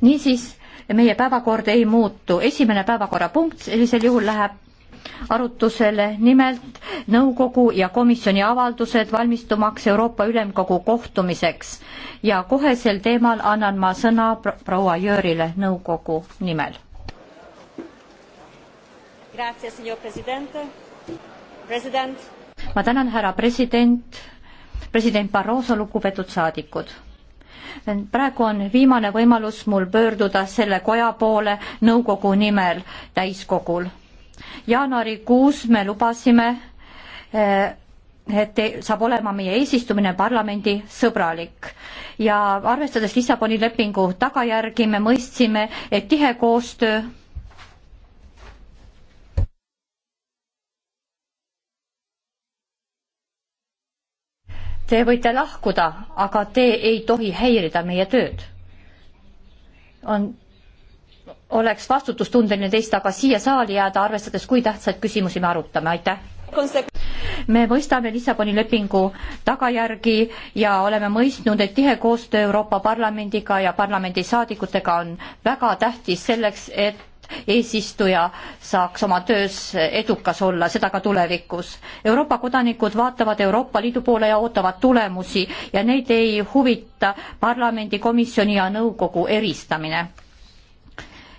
niisiis, meie päevakord ei muutu, esimene päevakorrapunkt sellisel juhul läheb arutusele nimelt nõukogu ja komisjoni avaldused valmistumaks Euroopa Ülemkogu kohtumiseks ja kohe sel teemal annan ma sõna proua Jörile nõukogu nimel. ma tänan, härra president, president Barroso, lugupeetud saadikud praegu on viimane võimalus mul pöörduda selle koja poole nõukogu nimel täiskogul. jaanuarikuus me lubasime, eh, et saab olema meie eesistumine parlamendi sõbralik ja arvestades Lissaboni lepingu tagajärgi, me mõistsime, et tihe koostöö Te võite lahkuda, aga te ei tohi häirida meie tööd. on, oleks vastutustundeline teist aga siia saali jääda, arvestades, kui tähtsaid küsimusi me arutame, aitäh! me mõistame Lissaboni lepingu tagajärgi ja oleme mõistnud, et tihe koostöö Euroopa Parlamendiga ja parlamendisaadikutega on väga tähtis selleks, et eesistuja saaks oma töös edukas olla, seda ka tulevikus. Euroopa kodanikud vaatavad Euroopa Liidu poole ja ootavad tulemusi ja neid ei huvita parlamendi, komisjoni ja nõukogu eristamine.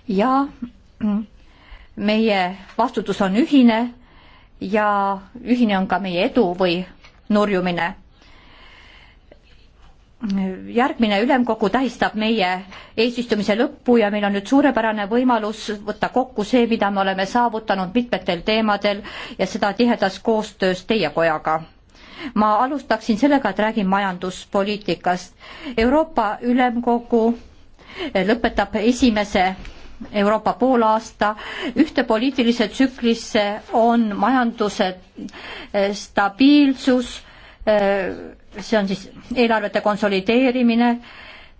ja meie vastutus on ühine ja ühine on ka meie edu või nurjumine järgmine ülemkogu tähistab meie eesistumise lõppu ja meil on nüüd suurepärane võimalus võtta kokku see, mida me oleme saavutanud mitmetel teemadel ja seda tihedas koostöös teie kojaga. ma alustaksin sellega, et räägin majanduspoliitikast. Euroopa Ülemkogu lõpetab esimese Euroopa poolaasta ühte poliitilise tsüklisse on majanduse stabiilsus see on siis eelarvete konsolideerimine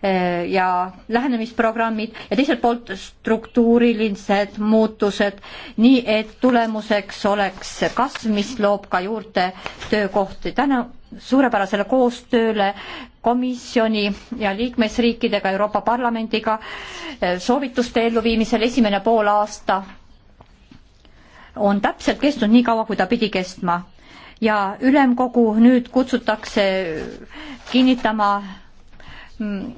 eh, ja lähenemisprogrammid ja teiselt poolt struktuurilised muutused, nii et tulemuseks oleks kasv, mis loob ka juurde töökohti. tänu suurepärasele koostööle komisjoni ja liikmesriikidega, Euroopa Parlamendiga, eh, soovituste elluviimisel esimene poolaasta on täpselt kestnud nii kaua, kui ta pidi kestma ja ülemkogu nüüd kutsutakse kinnitama mm,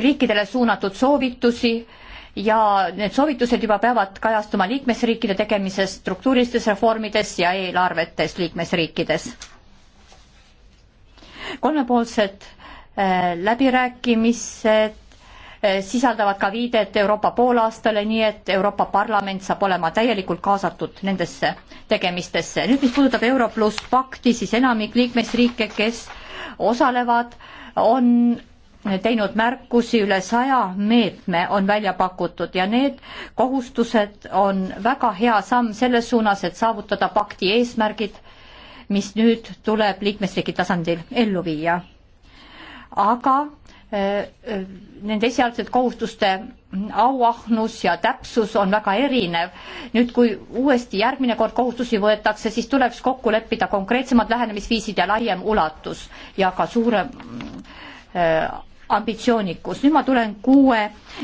riikidele suunatud soovitusi ja need soovitused juba peavad kajastuma liikmesriikide tegemises, struktuurilistes reformides ja eelarvetes liikmesriikides. kolmepoolsed äh, läbirääkimised Eh, sisaldavad ka viidet Euroopa poolaastale, nii et Euroopa Parlament saab olema täielikult kaasatud nendesse tegemistesse. nüüd, mis puudutab Euro pluss pakti, siis enamik liikmesriike, kes osalevad, on teinud märkusi, üle saja meetme on välja pakutud ja need kohustused on väga hea samm selles suunas, et saavutada pakti eesmärgid, mis nüüd tuleb liikmesriigi tasandil ellu viia. aga Äh, äh, nende esialgsed kohustuste auahnus ja täpsus on väga erinev. nüüd, kui uuesti järgmine kord kohustusi võetakse, siis tuleks kokku leppida konkreetsemad lähenemisviisid ja laiem ulatus ja ka suurem äh, ambitsioonikus. nüüd ma tulen kuue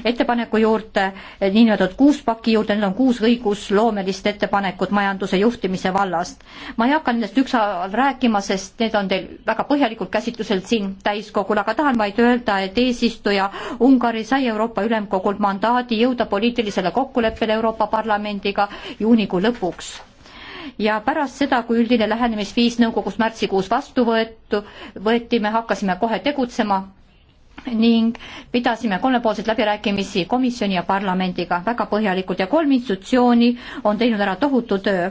ettepaneku juurde, niinimetatud kuus paki juurde, need on kuus õigusloomelist ettepanekut majanduse juhtimise vallast. ma ei hakka nendest ükshaaval rääkima, sest need on teil väga põhjalikult käsitlusel siin täiskogul, aga tahan vaid öelda, et eesistuja Ungari sai Euroopa Ülemkogult mandaadi jõuda poliitilisele kokkuleppele Euroopa Parlamendiga juunikuu lõpuks ja pärast seda, kui üldine lähenemisviis nõukogus märtsikuus vastu võetu, võeti, me hakkasime kohe tegutsema ning pidasime kolmepoolseid läbirääkimisi komisjoni ja parlamendiga väga põhjalikult ja kolm institutsiooni on teinud ära tohutu töö.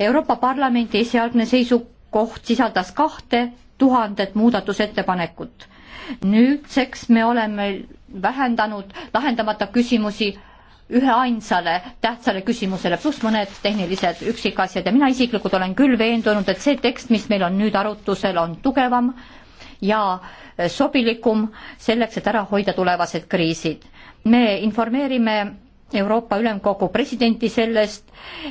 Euroopa Parlamendi esialgne seisukoht sisaldas kahte tuhandet muudatusettepanekut. nüüdseks me oleme vähendanud lahendamata küsimusi üheainsale tähtsale küsimusele, pluss mõned tehnilised üksikasjad ja mina isiklikult olen küll veendunud, et see tekst, mis meil on nüüd arutusel, on tugevam ja äh, sobilikum selleks, et ära hoida tulevased kriisid. me informeerime Euroopa Ülemkogu presidenti sellest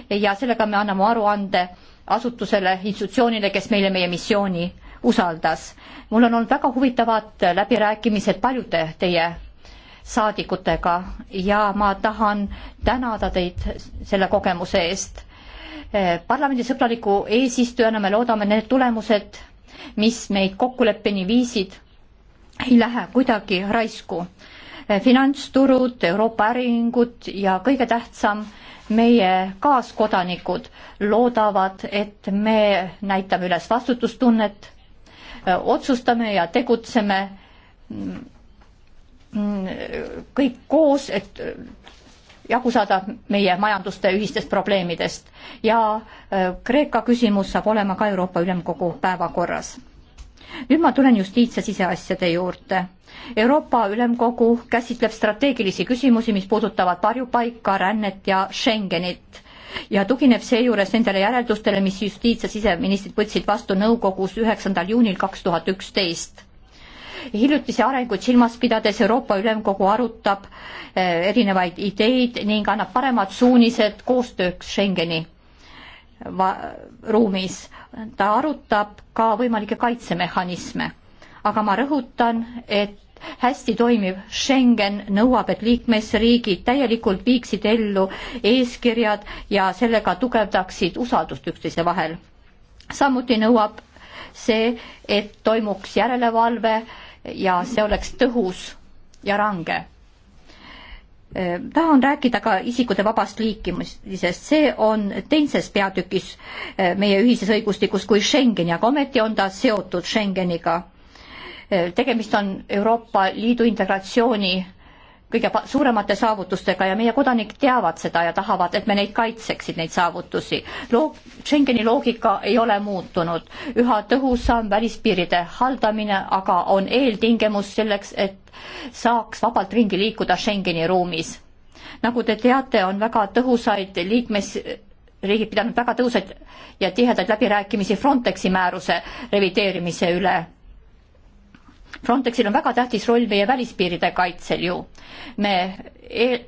ja sellega me anname aruande asutusele, institutsioonile, kes meile meie missiooni usaldas. mul on olnud väga huvitavad läbirääkimised paljude teie saadikutega ja ma tahan tänada teid selle kogemuse eest. parlamendi sõbraliku eesistujana me loodame need tulemused, mis meid kokkuleppeni viisid, ei lähe kuidagi raisku. finantsturud, Euroopa äriühingud ja kõige tähtsam, meie kaaskodanikud loodavad, et me näitame üles vastutustunnet, otsustame ja tegutseme kõik koos, et jagu saada meie majanduste ühistest probleemidest ja äh, Kreeka küsimus saab olema ka Euroopa Ülemkogu päevakorras nüüd ma tulen justiits- ja siseasjade juurde. Euroopa Ülemkogu käsitleb strateegilisi küsimusi, mis puudutavad varjupaika, rännet ja Schengenit ja tugineb seejuures nendele järeldustele, mis justiits- ja siseministrid võtsid vastu nõukogus üheksandal juunil kaks tuhat üksteist hiljutisi arenguid silmas pidades Euroopa Ülemkogu arutab eh, erinevaid ideid ning annab paremad suunised koostööks Schengeni va-, ruumis. ta arutab ka võimalikke kaitsemehhanisme. aga ma rõhutan, et hästi toimiv Schengen nõuab, et liikmesriigid täielikult viiksid ellu eeskirjad ja sellega tugevdaksid usaldust üksteise vahel. samuti nõuab see, et toimuks järelevalve ja see oleks tõhus ja range Äh, tahan rääkida ka isikute vabast liikumisest, see on teises peatükis äh, meie ühises õigustikus kui Schengeni, aga ometi on ta seotud Schengeniga. Äh, tegemist on Euroopa Liidu integratsiooni kõige suuremate saavutustega ja meie kodanikud teavad seda ja tahavad, et me neid kaitseksid, neid saavutusi. Loog-, Schengeni loogika ei ole muutunud, üha tõhusam välispiiride haldamine aga on eeltingimus selleks, et saaks vabalt ringi liikuda Schengeni ruumis. nagu te teate, on väga tõhusaid liikmesriigid pidanud väga tõhusaid ja tihedaid läbirääkimisi Frontexi määruse revideerimise üle Frontexil on väga tähtis roll meie välispiiride kaitsel ju. me e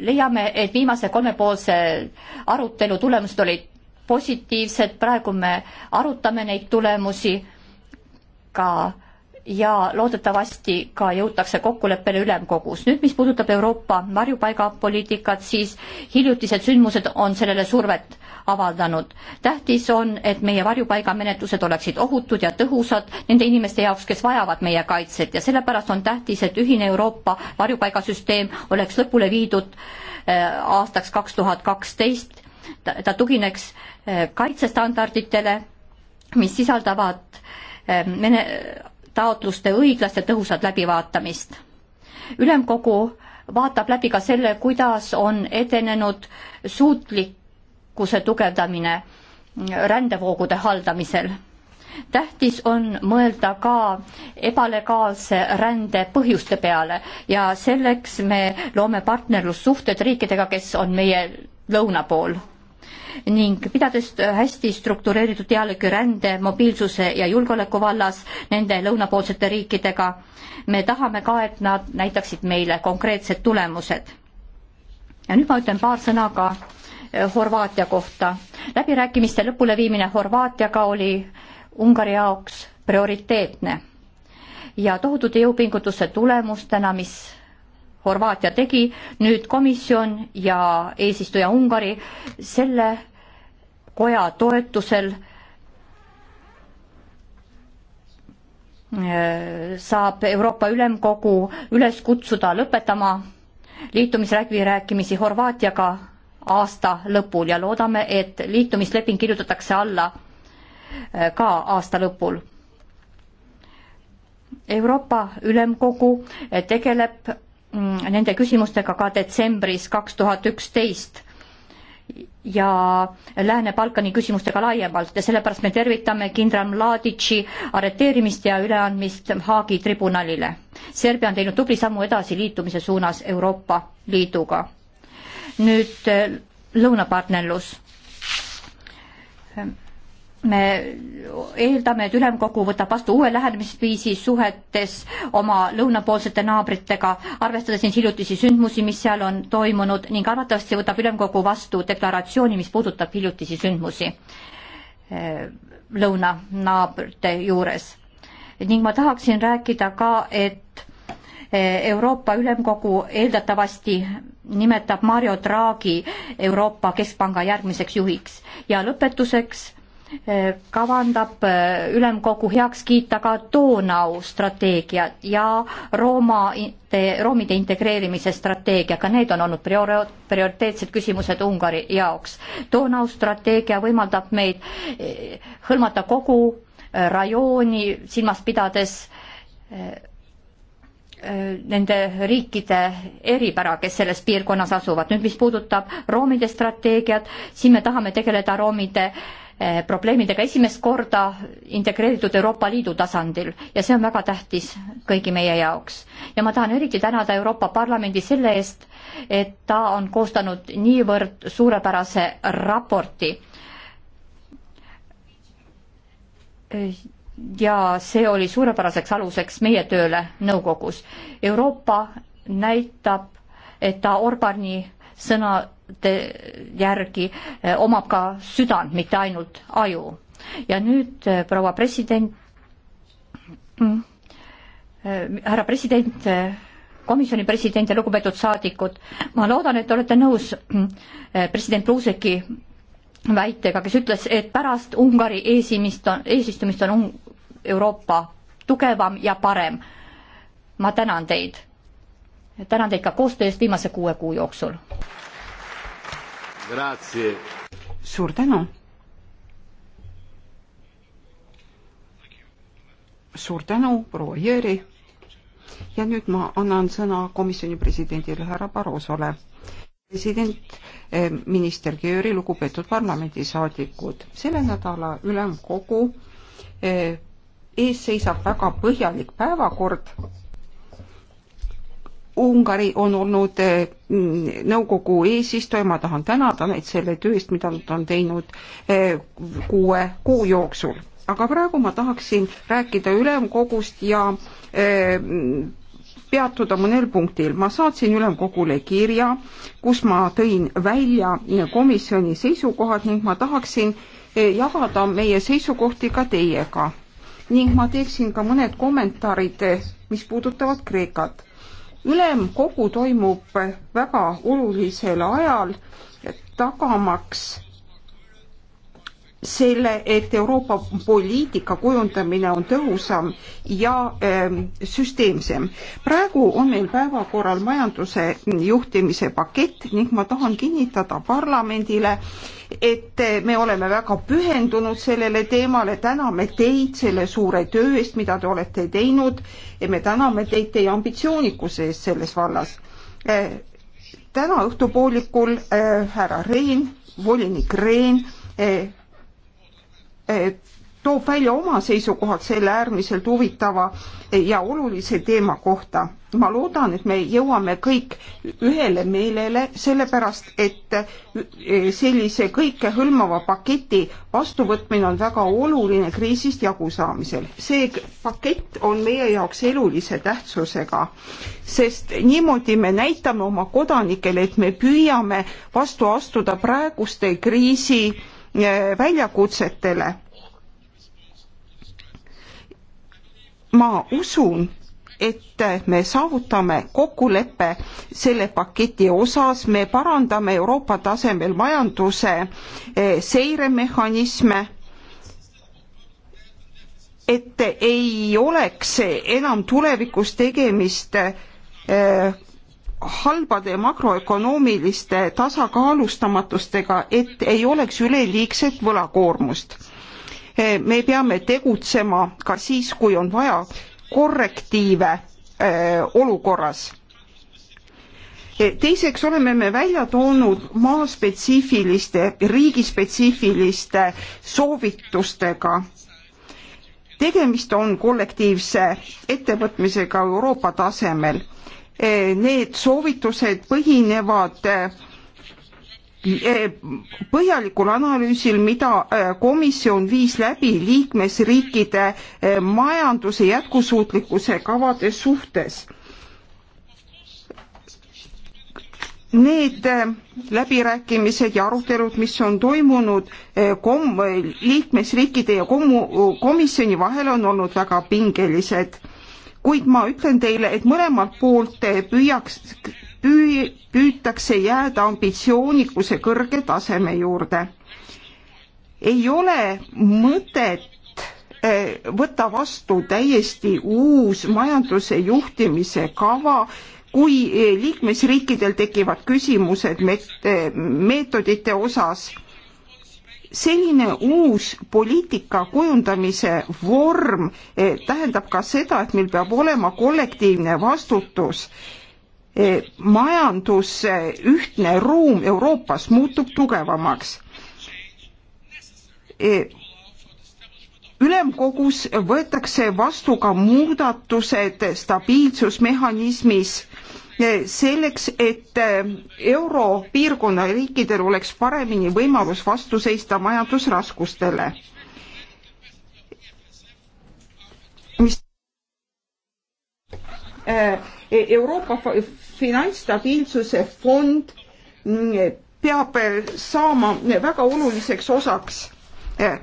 leiame, et viimase kolmepoolse arutelu tulemused olid positiivsed, praegu me arutame neid tulemusi ka ja loodetavasti ka jõutakse kokkuleppele ülemkogus. nüüd, mis puudutab Euroopa varjupaigapoliitikat, siis hiljutised sündmused on sellele survet avaldanud. tähtis on, et meie varjupaigamenetlused oleksid ohutud ja tõhusad nende inimeste jaoks, kes vajavad meie kaitset ja sellepärast on tähtis, et ühine Euroopa varjupaigasüsteem oleks lõpule viidud äh, aastaks kaks tuhat kaksteist. ta tugineks äh, kaitsestandarditele, mis sisaldavad äh, mene-, taotluste õiglast ja tõhusat läbivaatamist. ülemkogu vaatab läbi ka selle, kuidas on edenenud suutlikkuse tugevdamine rändevoogude haldamisel. tähtis on mõelda ka ebalegaalse rände põhjuste peale ja selleks me loome partnerlussuhted riikidega, kes on meie lõuna pool ning pidades hästi struktureeritud dialoogi rände, mobiilsuse ja julgeoleku vallas nende lõunapoolsete riikidega, me tahame ka, et nad näitaksid meile konkreetsed tulemused. ja nüüd ma ütlen paar sõna ka eh, Horvaatia kohta. läbirääkimiste lõpuleviimine Horvaatiaga oli Ungari jaoks prioriteetne ja tohutud jõupingutuse tulemustena, mis Horvaatia tegi, nüüd komisjon ja eesistuja Ungari selle koja toetusel äh, saab Euroopa Ülemkogu üles kutsuda lõpetama liitumisläbirääkimisi Horvaatiaga aasta lõpul ja loodame, et liitumisleping kirjutatakse alla äh, ka aasta lõpul. Euroopa Ülemkogu äh, tegeleb Mm, nende küsimustega ka detsembris kaks tuhat üksteist ja Lääne-Balkani küsimustega laiemalt ja sellepärast me tervitame kindral Mladici arreteerimist ja üleandmist Haagi tribunalile. Serbia on teinud tubli sammu edasi liitumise suunas Euroopa Liiduga. nüüd äh, lõunapartnerlus me eeldame, et ülemkogu võtab vastu uue lähenemisviisi suhetes oma lõunapoolsete naabritega, arvestades neid hiljutisi sündmusi, mis seal on toimunud ning arvatavasti võtab ülemkogu vastu deklaratsiooni, mis puudutab hiljutisi sündmusi eh, lõunanaabrite juures. ning ma tahaksin rääkida ka, et eh, Euroopa Ülemkogu eeldatavasti nimetab Mario Draghi Euroopa Keskpanga järgmiseks juhiks ja lõpetuseks kavandab äh, ülemkogu heaks kiita ka Donau strateegia ja Rooma, roomide integreerimise strateegia, ka need on olnud priori-, prioriteetsed küsimused Ungari jaoks. Donau strateegia võimaldab meid äh, hõlmata kogu äh, rajooni silmas pidades nende riikide eripära, kes selles piirkonnas asuvad. nüüd, mis puudutab roomide strateegiat, siin me tahame tegeleda roomide äh, Eh, probleemidega esimest korda integreeritud Euroopa Liidu tasandil ja see on väga tähtis kõigi meie jaoks. ja ma tahan eriti tänada Euroopa Parlamendi selle eest, et ta on koostanud niivõrd suurepärase raporti. ja see oli suurepäraseks aluseks meie tööle nõukogus. Euroopa näitab, et ta Orbani sõna järgi eh, omab ka südant, mitte ainult aju. ja nüüd eh, proua president äh,, härra president, komisjoni president ja lugupeetud saadikud, ma loodan, et te olete nõus mm, president Bluuseki väitega, kes ütles, et pärast Ungari eesimist, eesistumist on Euroopa tugevam ja parem. ma tänan teid. tänan teid ka koostöö eest viimase kuue kuu jooksul suur tänu. suur tänu, proua Jüri. ja nüüd ma annan sõna komisjoni presidendile härra Barrosole. president, eh, minister Jüri, lugupeetud parlamendisaadikud, selle nädala ülemkogu eh, ees seisab väga põhjalik päevakord Ungari on olnud eh, mm, nõukogu eesistuja, ma tahan tänada neid selle töö eest, mida nad on teinud eh, kuue kuu jooksul. aga praegu ma tahaksin rääkida ülemkogust ja eh, peatuda mõnel punktil. ma saatsin ülemkogule kirja, kus ma tõin välja komisjoni seisukohad ning ma tahaksin jagada meie seisukohti ka teiega. ning ma teeksin ka mõned kommentaarid, mis puudutavad Kreekat ülemkogu toimub väga olulisel ajal, tagamaks selle, et Euroopa poliitika kujundamine on tõhusam ja ähm, süsteemsem. praegu on meil päevakorral majanduse juhtimise pakett ning ma tahan kinnitada parlamendile äh,, et me oleme väga pühendunud sellele teemale, täname teid selle suure töö eest, mida te olete teinud ja me täname teid teie ambitsioonikuse eest selles vallas. Eh, täna õhtupoolikul eh, härra Rein, volinik Rein eh, toob välja oma seisukohad selle äärmiselt huvitava ja olulise teema kohta. ma loodan, et me jõuame kõik ühele meelele, sellepärast et e, sellise kõikehõlmava paketi vastuvõtmine on väga oluline kriisist jagusaamisel. see pakett on meie jaoks elulise tähtsusega, sest niimoodi me näitame oma kodanikele, et me püüame vastu astuda praeguste kriisi e, väljakutsetele ma usun, et me saavutame kokkuleppe selle paketi osas, me parandame Euroopa tasemel majanduse eh, seiremehhanisme, et ei oleks enam tulevikus tegemist eh, halbade makroökonoomiliste tasakaalustamatustega, et ei oleks üleliigset võlakoormust Eh, me peame tegutsema ka siis, kui on vaja korrektiive eh, olukorras. Eh, teiseks oleme me välja toonud maaspetsiifiliste, riigispetsiifiliste soovitustega. tegemist on kollektiivse ettevõtmisega Euroopa tasemel. Need soovitused põhinevad Äh, põhjalikul analüüsil, mida äh, komisjon viis läbi liikmesriikide äh, majanduse jätkusuutlikkuse kavade suhtes. Need läbirääkimised ja arutelud, mis on toimunud kom-, liikmesriikide ja kommu-, komisjoni vahel on olnud väga pingelised kuid ma ütlen teile, et mõlemalt poolt püüaks püü-, püütakse jääda ambitsioonikuse kõrge taseme juurde. ei ole mõtet eh, võtta vastu täiesti uus majanduse juhtimise kava, kui eh, liikmesriikidel tekivad küsimused met-, meetodite osas selline uus poliitika kujundamise vorm eh, tähendab ka seda, et meil peab olema kollektiivne vastutus Eh, majandus, eh, ühtne ruum Euroopas muutub tugevamaks. Eh, ülemkogus võetakse vastu ka muudatused stabiilsusmehhanismis selleks, et europiirkonna riikidel oleks paremini võimalus vastu seista majandusraskustele Äh, e- Euroopa Finantsstabiilsuse Fond mm, e- peab äh, saama e, väga oluliseks osaks. Äh,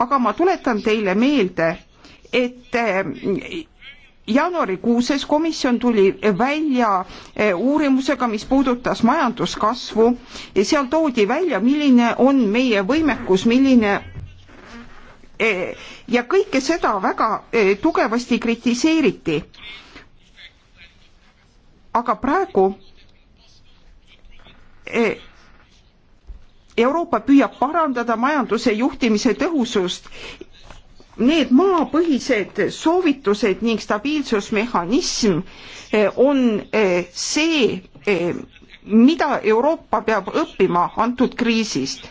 aga ma tuletan teile meelde, et jaanuarikuuses komisjon tuli välja uurimusega, mis puudutas majanduskasvu. seal toodi välja, milline on meie võimekus, milline ja kõike seda väga tugevasti kritiseeriti aga praegu e, Euroopa püüab parandada majanduse juhtimise tõhusust. Need maapõhised soovitused ning stabiilsusmehhanism e, on e, see, mida Euroopa peab õppima antud kriisist.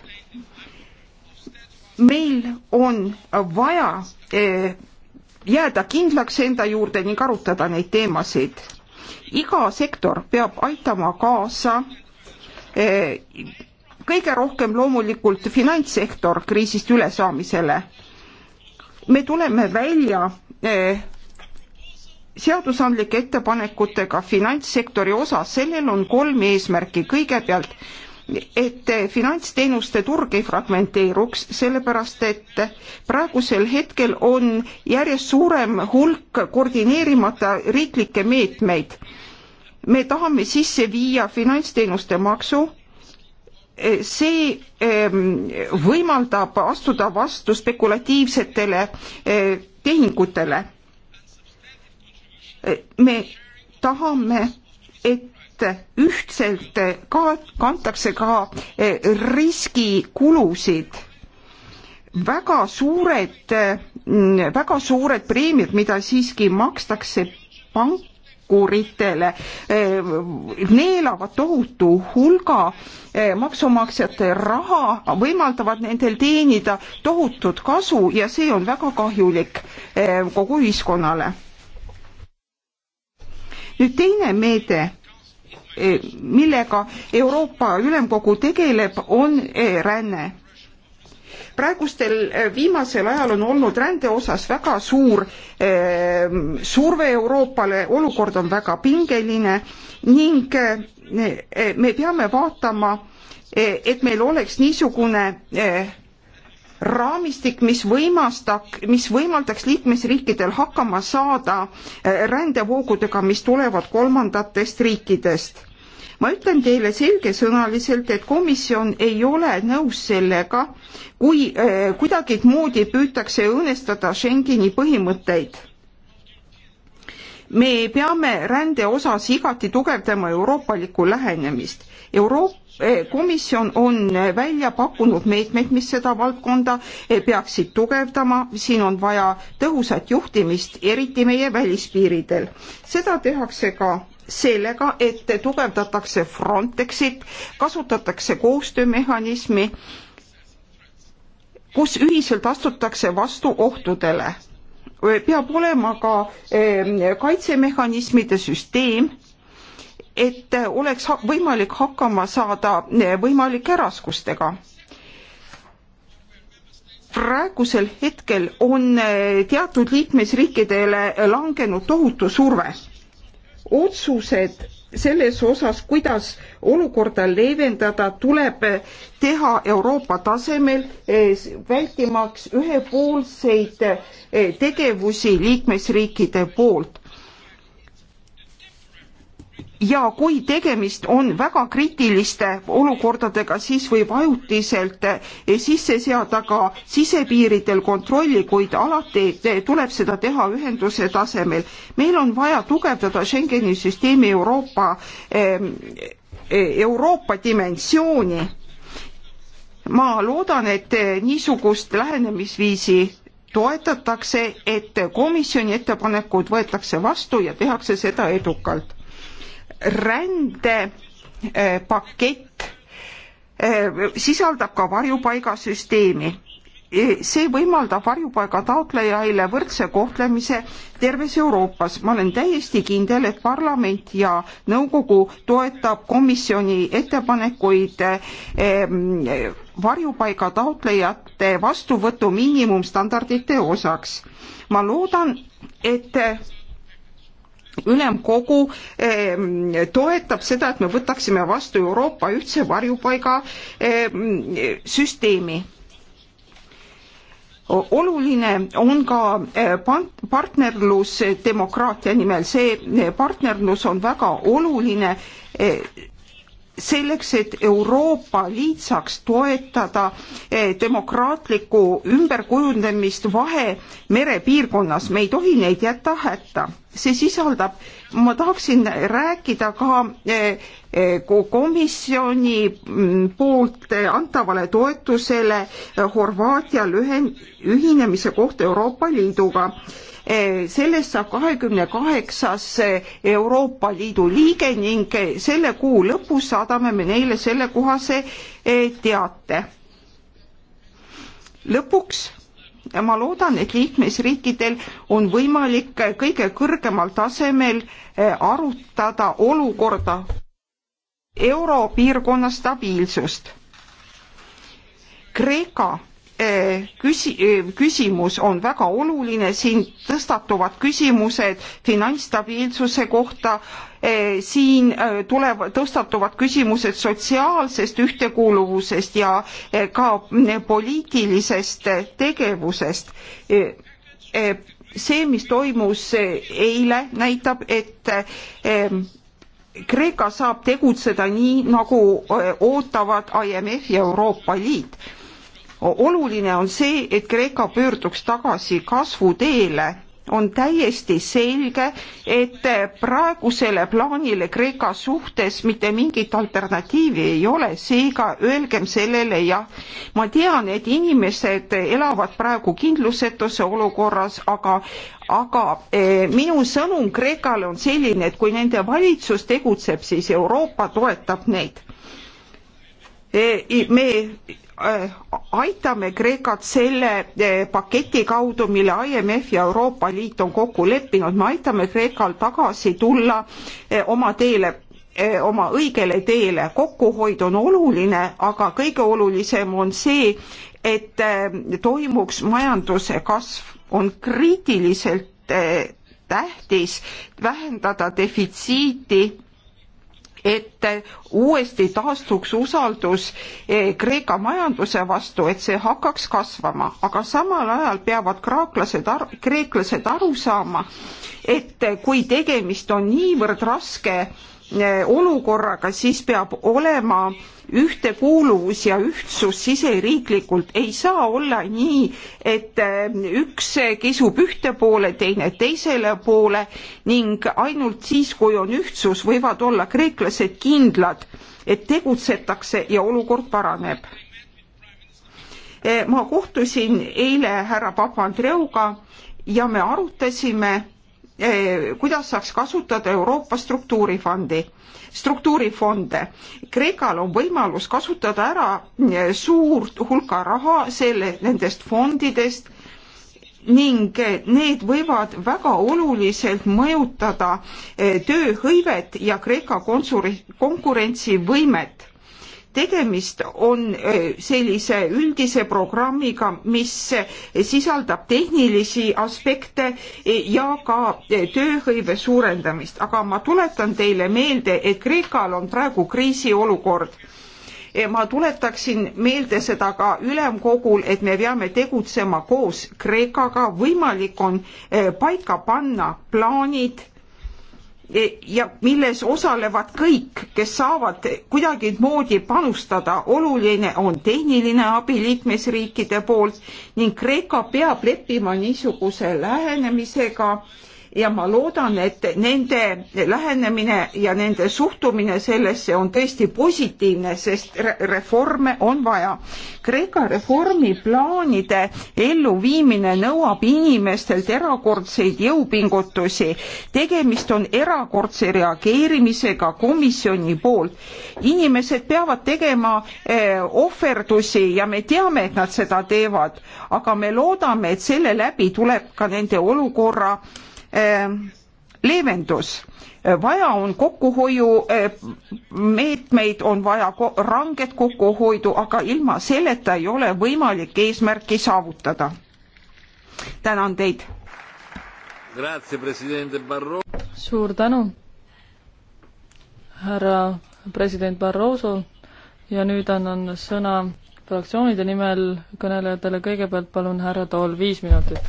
meil on vaja jääda kindlaks enda juurde ning arutada neid teemasid iga sektor peab aitama kaasa eh, kõige rohkem loomulikult finantssektor kriisist ülesaamisele. me tuleme välja eh, seadusandlike ettepanekutega finantssektori osas, sellel on kolm eesmärki, kõigepealt et finantsteenuste turg ei fragmenteeruks, sellepärast et praegusel hetkel on järjest suurem hulk koordineerimata riiklikke meetmeid. me tahame sisse viia finantsteenuste maksu, see ehm, võimaldab astuda vastu spekulatiivsetele eh, tehingutele. me tahame, et et ühtselt ka kantakse ka eh, riskikulusid. väga suured, mm, väga suured preemiad, mida siiski makstakse pankuritele, eh, neelavad tohutu hulga eh, maksumaksjate raha, võimaldavad nendel teenida tohutut kasu ja see on väga kahjulik kogu ühiskonnale nüüd teine meede E, millega Euroopa Ülemkogu tegeleb, on e, ränne. praegustel, e, viimasel ajal on olnud rände osas väga suur surve Euroopale, olukord on väga pingeline ning me peame vaatama, et meil oleks niisugune raamistik, mis võimastak, mis võimaldaks liikmesriikidel hakkama saada äh, rändevoogudega, mis tulevad kolmandatest riikidest ma ütlen teile selgesõnaliselt, et komisjon ei ole nõus sellega, kui äh, kuidagimoodi püütakse õõnestada Schengeni põhimõtteid me peame rände osas igati tugevdama euroopalikku lähenemist. Euroop-, eh, komisjon on välja pakkunud meetmed, mis seda valdkonda eh, peaksid tugevdama, siin on vaja tõhusat juhtimist, eriti meie välispiiridel. seda tehakse ka sellega, et tugevdatakse Frontexit, kasutatakse koostöömehhanismi, kus ühiselt astutakse vastu ohtudele peab olema ka ehm, kaitsemehhanismide süsteem, et oleks võimalik hakkama saada eh, võimalike raskustega praegusel hetkel on eh, teatud liikmesriikidele langenud tohutu surve. otsused selles osas, kuidas olukorda leevendada, tuleb teha Euroopa tasemel, eh, vältimaks ühepoolseid eh, tegevusi liikmesriikide poolt ja kui tegemist on väga kriitiliste olukordadega, siis võib ajutiselt eh, sisse seada ka sisepiiridel kontrolli, kuid alati eh, tuleb seda teha ühenduse tasemel. meil on vaja tugevdada Schengeni süsteemi Euroopa, ehm, eh, Euroopa dimensiooni. ma loodan, et niisugust lähenemisviisi toetatakse, et komisjoni ettepanekud võetakse vastu ja tehakse seda edukalt rändepakett eh, eh, sisaldab ka varjupaigasüsteemi. Eh, see võimaldab varjupaiga taotlejaile võrdse kohtlemise terves Euroopas. ma olen täiesti kindel, et parlament ja nõukogu toetab komisjoni ettepanekuid ehm, varjupaiga taotlejate vastuvõtu miinimumstandardite osaks. ma loodan, et ülemkogu ehm, toetab seda, et me võtaksime vastu Euroopa ühtse varjupaiga ehm, süsteemi oluline on ka eh, partnerlus demokraatia nimel, see eh, partnerlus on väga oluline eh, selleks, et Euroopa Liit saaks toetada eh, demokraatlikku ümberkujundamist vahe merepiirkonnas, me ei tohi neid jätta hätta. see sisaldab, ma tahaksin rääkida ka eh, eh, komisjoni mm, poolt antavale toetusele Horvaatia ühen-, ühinemise kohta Euroopa Liiduga Eh, sellest saab kahekümne kaheksas Euroopa Liidu liige ning selle kuu lõpus saadame me neile sellekohase eh, teate. lõpuks ma loodan, et liikmesriikidel on võimalik kõige kõrgemal tasemel eh, arutada olukorda europiirkonna stabiilsust. Kreeka Eh, küsi-, eh, küsimus on väga oluline, siin tõstatuvad küsimused finantsstabiilsuse kohta, eh, siin tulevad, tõstatuvad küsimused sotsiaalsest ühtekuuluvusest ja ka poliitilisest tegevusest. see, mis toimus eile, näitab, et Kreeka saab tegutseda nii, nagu ootavad IMF ja Euroopa Liit oluline on see, et Kreeka pöörduks tagasi kasvuteele on täiesti selge, et praegusele plaanile Kreeka suhtes mitte mingit alternatiivi ei ole, seega öelgem sellele jah. ma tean, et inimesed elavad praegu kindlusetuse olukorras, aga aga eh, minu sõnum Kreekale on selline, et kui nende valitsus tegutseb, siis Euroopa toetab neid eh,. me Äh, aitame Kreekat selle äh, paketi kaudu, mille IMF ja Euroopa Liit on kokku leppinud, me aitame Kreekal tagasi tulla äh, oma teele oma õigele teele, kokkuhoid on oluline, aga kõige olulisem on see, et toimuks majanduse kasv, on kriitiliselt tähtis vähendada defitsiiti et uuesti taastuks usaldus eh, Kreeka majanduse vastu, et see hakkaks kasvama, aga samal ajal peavad kraaklased, kreeklased aru saama, et kui tegemist on niivõrd raske Eh, olukorraga, siis peab olema ühtekuuluvus ja ühtsus siseriiklikult ei saa olla nii, et eh, üks kisub ühte poole, teine teisele poole ning ainult siis, kui on ühtsus, võivad olla kreeklased kindlad, et tegutsetakse ja olukord paraneb. Eh, ma kohtusin eile härra Papandreuga ja me arutasime Eh, kuidas saaks kasutada Euroopa struktuurifondi, struktuurifonde. Kreekal on võimalus kasutada ära eh, suurt hulka raha selle, nendest fondidest ning eh, need võivad väga oluliselt mõjutada tööhõivet ja Kreeka konsuri, konkurentsivõimet tegemist on sellise üldise programmiga, mis sisaldab tehnilisi aspekte e, ja ka e, tööhõive suurendamist, aga ma tuletan teile meelde, et Kreekal on praegu kriisiolukord e, ma tuletaksin meelde seda ka ülemkogul, et me peame tegutsema koos Kreekaga, võimalik on paika panna plaanid E, ja milles osalevad kõik, kes saavad kuidagimoodi panustada. oluline on tehniline abi liikmesriikide poolt ning Kreeka peab leppima niisuguse lähenemisega äh, ja ma loodan, et nende lähenemine ja nende suhtumine sellesse on tõesti positiivne, sest reforme on vaja. Kreeka reformiplaanide elluviimine nõuab inimestelt erakordseid jõupingutusi. tegemist on erakordse reageerimisega komisjoni poolt. inimesed peavad tegema eh, ohverdusi ja me teame, et nad seda teevad, aga me loodame, et selle läbi tuleb ka nende olukorra Ehm, leevendus. vaja on kokkuhoiumeetmeid, eh, on vaja ranget kokkuhoidu, aga ilma selleta ei ole võimalik eesmärki saavutada. tänan teid. suur tänu, härra president Barroso ja nüüd annan sõna fraktsioonide nimel kõnelejatele, kõigepealt palun härra Tool viis minutit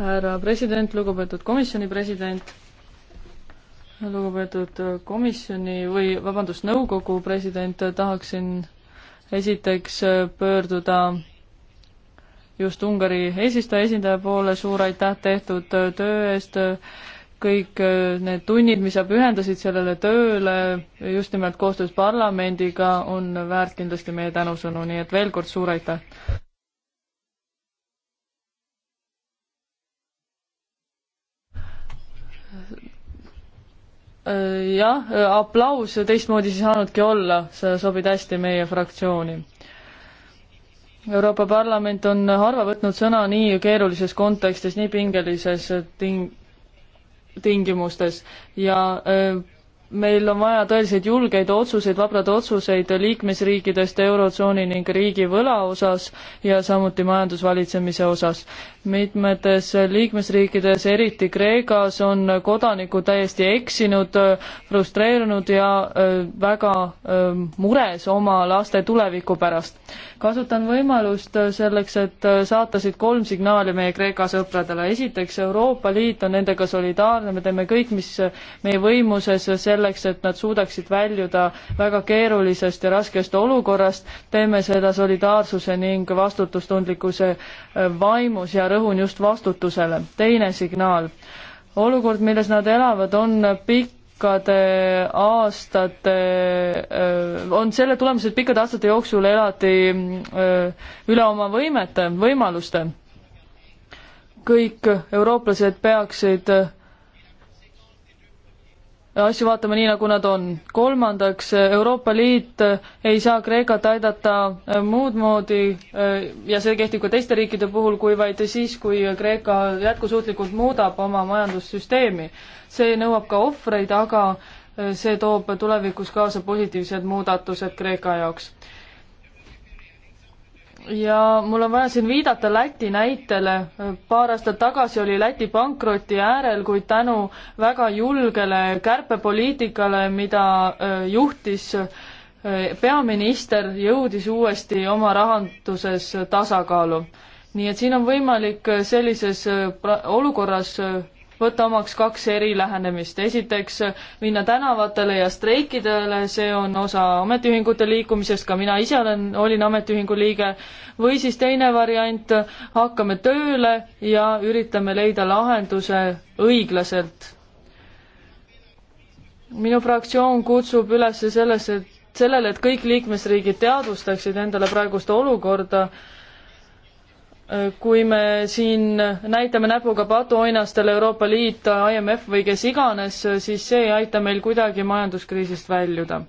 härra president, lugupeetud komisjoni president, lugupeetud komisjoni või vabandust, nõukogu president, tahaksin esiteks pöörduda just Ungari eesistuja esindaja poole, suur aitäh tehtud töö eest, kõik need tunnid, mis sa pühendasid sellele tööle just nimelt koostöös parlamendiga, on väärt kindlasti meie tänusõnu, nii et veel kord suur aitäh! Äh, jah, äh, aplaus teistmoodi siis saanudki olla, sa sobid hästi meie fraktsiooni. Euroopa Parlament on harva võtnud sõna nii keerulises kontekstis, nii pingelises ting-, tingimustes ja öö, äh, meil on vaja tõeliselt julgeid otsuseid, vabrad otsuseid liikmesriikidest Eurotsooni ning riigivõla osas ja samuti majandusvalitsemise osas. mitmetes liikmesriikides, eriti Kreekas, on kodanikud täiesti eksinud, frustreerunud ja väga mures oma laste tuleviku pärast. kasutan võimalust selleks, et saata siit kolm signaali meie Kreeka sõpradele. esiteks, Euroopa Liit on nendega solidaarne, me teeme kõik, mis meie võimuses selle selleks, et nad suudaksid väljuda väga keerulisest ja raskest olukorrast, teeme seda solidaarsuse ning vastutustundlikkuse äh, vaimus ja rõhun just vastutusele. teine signaal, olukord, milles nad elavad, on pikk pikkade aastate, äh, on selle tulemus, et pikkade aastate jooksul elati äh, üle oma võimete, võimaluste. kõik eurooplased peaksid asju vaatama nii, nagu nad on. kolmandaks, Euroopa Liit ei saa Kreekat aidata äh, muud moodi äh, ja see kehtib ka teiste riikide puhul, kui vaid siis, kui Kreeka jätkusuutlikult muudab oma majandussüsteemi. see nõuab ka ohvreid, aga äh, see toob tulevikus kaasa positiivsed muudatused Kreeka jaoks ja mul on vaja siin viidata Läti näitele. paar aastat tagasi oli Läti pankroti äärel, kuid tänu väga julgele kärpepoliitikale, mida äh, juhtis äh, peaminister, jõudis uuesti oma rahanduses tasakaalu. nii et siin on võimalik sellises äh, olukorras võtta omaks kaks eri lähenemist. esiteks minna tänavatele ja streikidele, see on osa ametiühingute liikumisest, ka mina ise olen, olin ametiühingu liige, või siis teine variant, hakkame tööle ja üritame leida lahenduse õiglaselt. minu fraktsioon kutsub üles selles, et sellele, et kõik liikmesriigid teadvustaksid endale praegust olukorda, kui me siin näitame näpuga patuoinastele Euroopa Liit, IMF või kes iganes, siis see ei aita meil kuidagi majanduskriisist väljuda.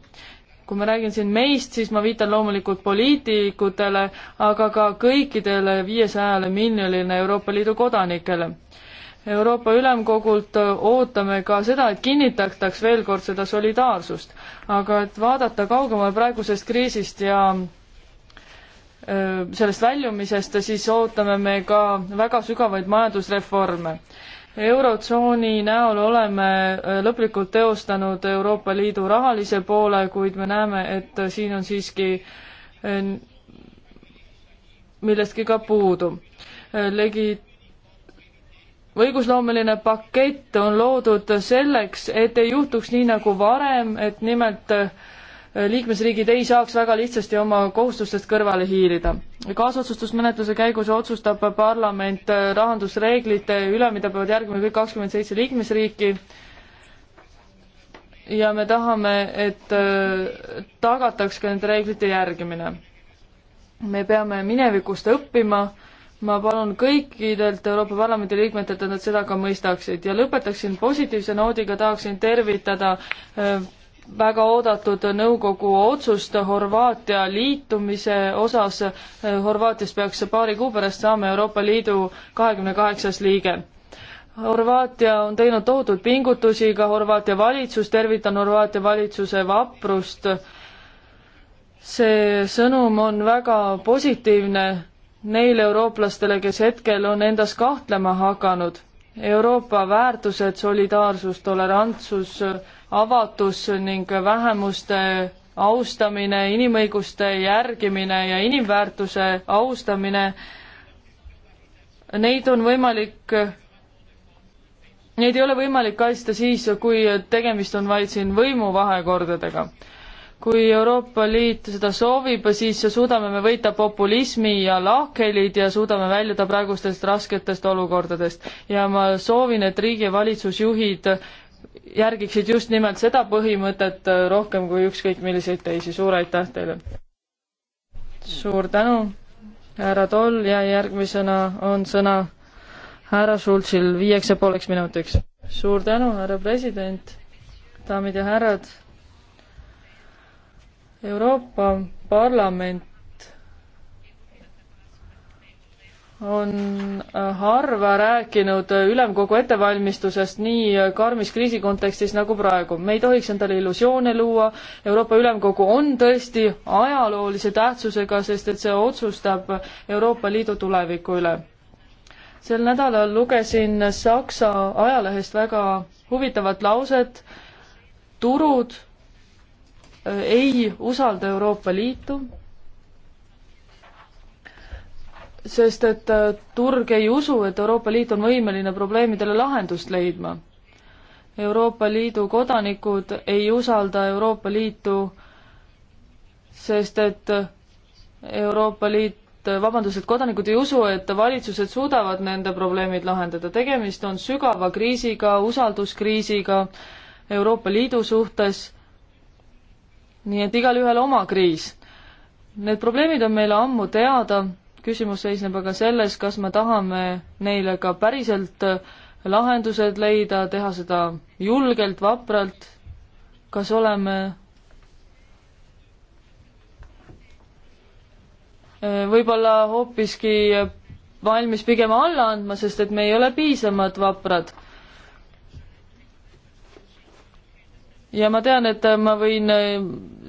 kui ma räägin siin meist, siis ma viitan loomulikult poliitikutele, aga ka kõikidele viiesajale miljonile Euroopa Liidu kodanikele. Euroopa Ülemkogult ootame ka seda, et kinnitataks veel kord seda solidaarsust, aga et vaadata kaugemale praegusest kriisist ja sellest väljumisest, siis ootame me ka väga sügavaid majandusreforme. eurotsooni näol oleme lõplikult teostanud Euroopa Liidu rahalise poole, kuid me näeme, et siin on siiski millestki ka puudu. legi-, õigusloomeline pakett on loodud selleks, et ei juhtuks nii nagu varem, et nimelt äh, liikmesriigid ei saaks väga lihtsasti oma kohustustest kõrvale hiilida. kaasotsustusmenetluse käigus otsustab parlament äh, rahandusreeglite üle, mida peavad järgima kõik kakskümmend seitse liikmesriiki ja me tahame, et äh, tagataks ka nende reeglite järgimine. me peame minevikust õppima, ma palun kõikidelt Euroopa Parlamendi liikmetelt, et nad seda ka mõistaksid ja lõpetaksin positiivse noodiga, tahaksin tervitada äh, väga oodatud nõukogu otsust Horvaatia liitumise osas. Horvaatias peaks paari kuu pärast saama Euroopa Liidu kahekümne kaheksas liige. Horvaatia on teinud tohutud pingutusi, ka Horvaatia valitsus, tervitan Horvaatia valitsuse vaprust. see sõnum on väga positiivne neile eurooplastele, kes hetkel on endas kahtlema hakanud. Euroopa väärtused, solidaarsus, tolerantsus, avatus ning vähemuste austamine, inimõiguste järgimine ja inimväärtuse austamine, neid on võimalik, neid ei ole võimalik kaitsta siis, kui tegemist on vaid siin võimuvahekordadega. kui Euroopa Liit seda soovib, siis suudame me võita populismi ja lahkhelid ja suudame väljuda praegustest rasketest olukordadest. ja ma soovin, et riigi ja valitsusjuhid järgiksid just nimelt seda põhimõtet äh, rohkem kui ükskõik milliseid teisi. suur aitäh teile! suur tänu, härra Toll ja järgmisena on sõna härra Schultzil viieks ja pooleks minutiks. suur tänu, härra president, daamid ja härrad. Euroopa Parlament on äh, harva rääkinud äh, ülemkogu ettevalmistusest nii äh, karmis kriisi kontekstis nagu praegu. me ei tohiks endale illusioone luua, Euroopa Ülemkogu on tõesti ajaloolise tähtsusega, sest et see otsustab Euroopa Liidu tuleviku üle. sel nädalal lugesin Saksa ajalehest väga huvitavat lauset, turud ei usalda Euroopa Liitu sest et äh, turg ei usu, et Euroopa Liit on võimeline probleemidele lahendust leidma. Euroopa Liidu kodanikud ei usalda Euroopa Liitu, sest et äh, Euroopa Liit, äh, vabandust, et kodanikud ei usu, et valitsused suudavad nende probleemid lahendada. tegemist on sügava kriisiga, usalduskriisiga Euroopa Liidu suhtes. nii et igalühel oma kriis. Need probleemid on meile ammu teada küsimus seisneb aga selles, kas me tahame neile ka päriselt lahendused leida, teha seda julgelt, vapralt, kas oleme eh, võib-olla hoopiski valmis pigem alla andma, sest et me ei ole piisavalt vaprad. ja ma tean, et äh, ma võin äh,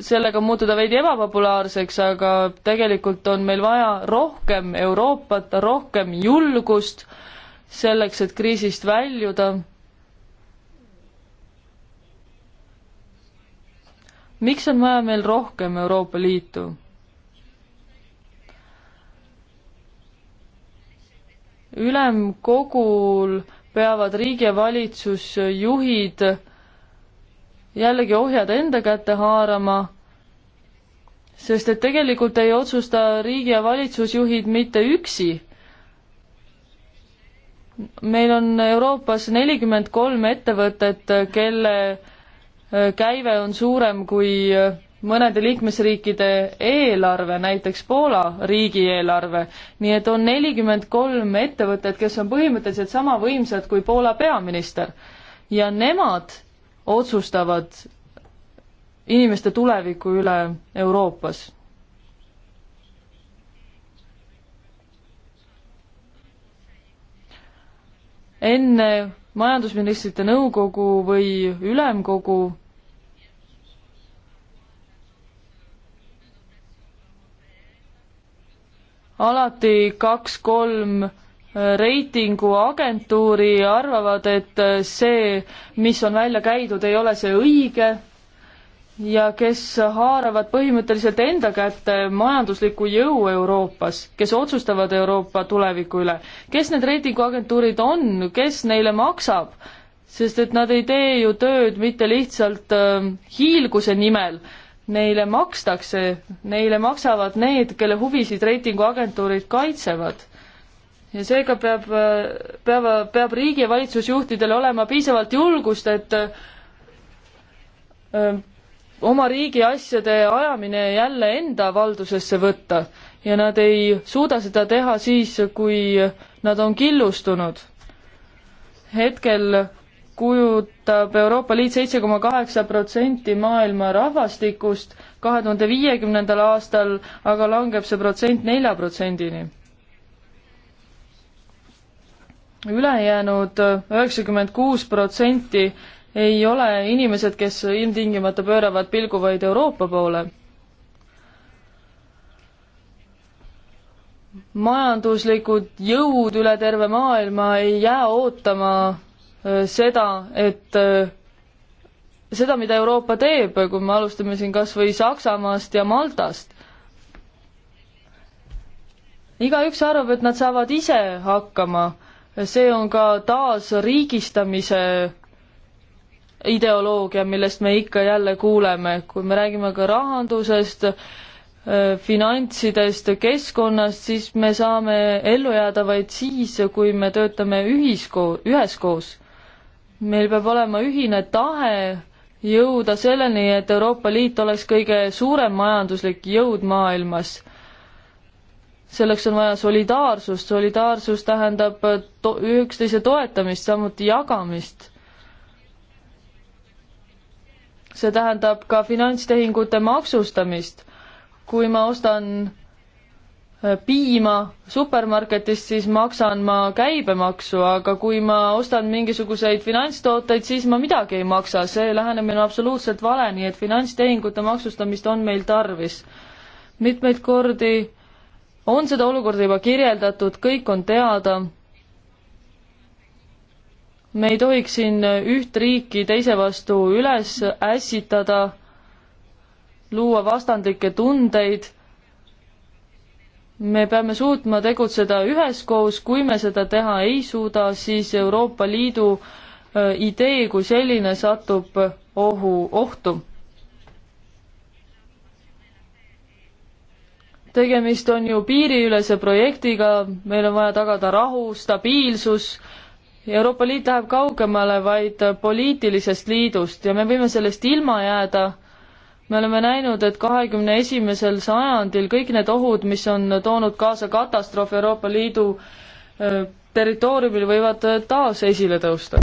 sellega muutuda veidi ebapopulaarseks, aga tegelikult on meil vaja rohkem Euroopat, rohkem julgust selleks, et kriisist väljuda. miks on vaja meil rohkem Euroopa Liitu? ülemkogul peavad riigi ja valitsusjuhid jällegi ohjad enda kätte haarama, sest et tegelikult ei otsusta riigi- ja valitsusjuhid mitte üksi. meil on Euroopas nelikümmend kolm ettevõtet, kelle äh, käive on suurem kui äh, mõnede liikmesriikide eelarve, näiteks Poola riigieelarve, nii et on nelikümmend kolm ettevõtet, kes on põhimõtteliselt sama võimsad kui Poola peaminister. ja nemad otsustavad inimeste tuleviku üle Euroopas. enne majandusministrite nõukogu või ülemkogu alati kaks-kolm reitinguagentuuri, arvavad, et see, mis on välja käidud, ei ole see õige ja kes haaravad põhimõtteliselt enda kätte majandusliku jõu Euroopas, kes otsustavad Euroopa tuleviku üle. kes need reitinguagentuurid on, kes neile maksab? sest et nad ei tee ju tööd mitte lihtsalt äh, hiilguse nimel, neile makstakse, neile maksavad need, kelle huvisid reitinguagentuurid kaitsevad ja seega peab, peab, peab riigi ja valitsusjuhtidel olema piisavalt julgust, et öö, oma riigi asjade ajamine jälle enda valdusesse võtta ja nad ei suuda seda teha siis, kui nad on killustunud. hetkel kujutab Euroopa Liit seitse koma kaheksa protsenti maailma rahvastikust, kahe tuhande viiekümnendal aastal aga langeb see protsent nelja protsendini ülejäänud üheksakümmend kuus protsenti ei ole inimesed, kes ilmtingimata pööravad pilgu vaid Euroopa poole majanduslikud jõud üle terve maailma ei jää ootama äh, seda, et äh, seda, mida Euroopa teeb, kui me alustame siin kas või Saksamaast ja Maltast. igaüks arvab, et nad saavad ise hakkama see on ka taas riigistamise ideoloogia, millest me ikka jälle kuuleme, kui me räägime ka rahandusest, äh, finantsidest, keskkonnast, siis me saame ellu jääda vaid siis, kui me töötame ühisko-, üheskoos. meil peab olema ühine tahe jõuda selleni, et Euroopa Liit oleks kõige suurem majanduslik jõud maailmas selleks on vaja solidaarsust, solidaarsus tähendab to-, üksteise toetamist, samuti jagamist. see tähendab ka finantstehingute maksustamist. kui ma ostan äh, piima supermarketist, siis maksan ma käibemaksu, aga kui ma ostan mingisuguseid finantstooteid, siis ma midagi ei maksa, see lähenemine on absoluutselt vale, nii et finantstehingute maksustamist on meil tarvis. mitmeid kordi on seda olukorda juba kirjeldatud, kõik on teada. me ei tohiks siin üht riiki teise vastu üles ässitada, luua vastandlikke tundeid. me peame suutma tegutseda üheskoos, kui me seda teha ei suuda, siis Euroopa Liidu äh, idee kui selline satub ohu, ohtu tegemist on ju piiriülese projektiga, meil on vaja tagada rahu, stabiilsus, Euroopa Liit läheb kaugemale vaid poliitilisest liidust ja me võime sellest ilma jääda, me oleme näinud, et kahekümne esimesel sajandil kõik need ohud, mis on toonud kaasa katastroofi Euroopa Liidu äh, territooriumil, võivad taas esile tõusta.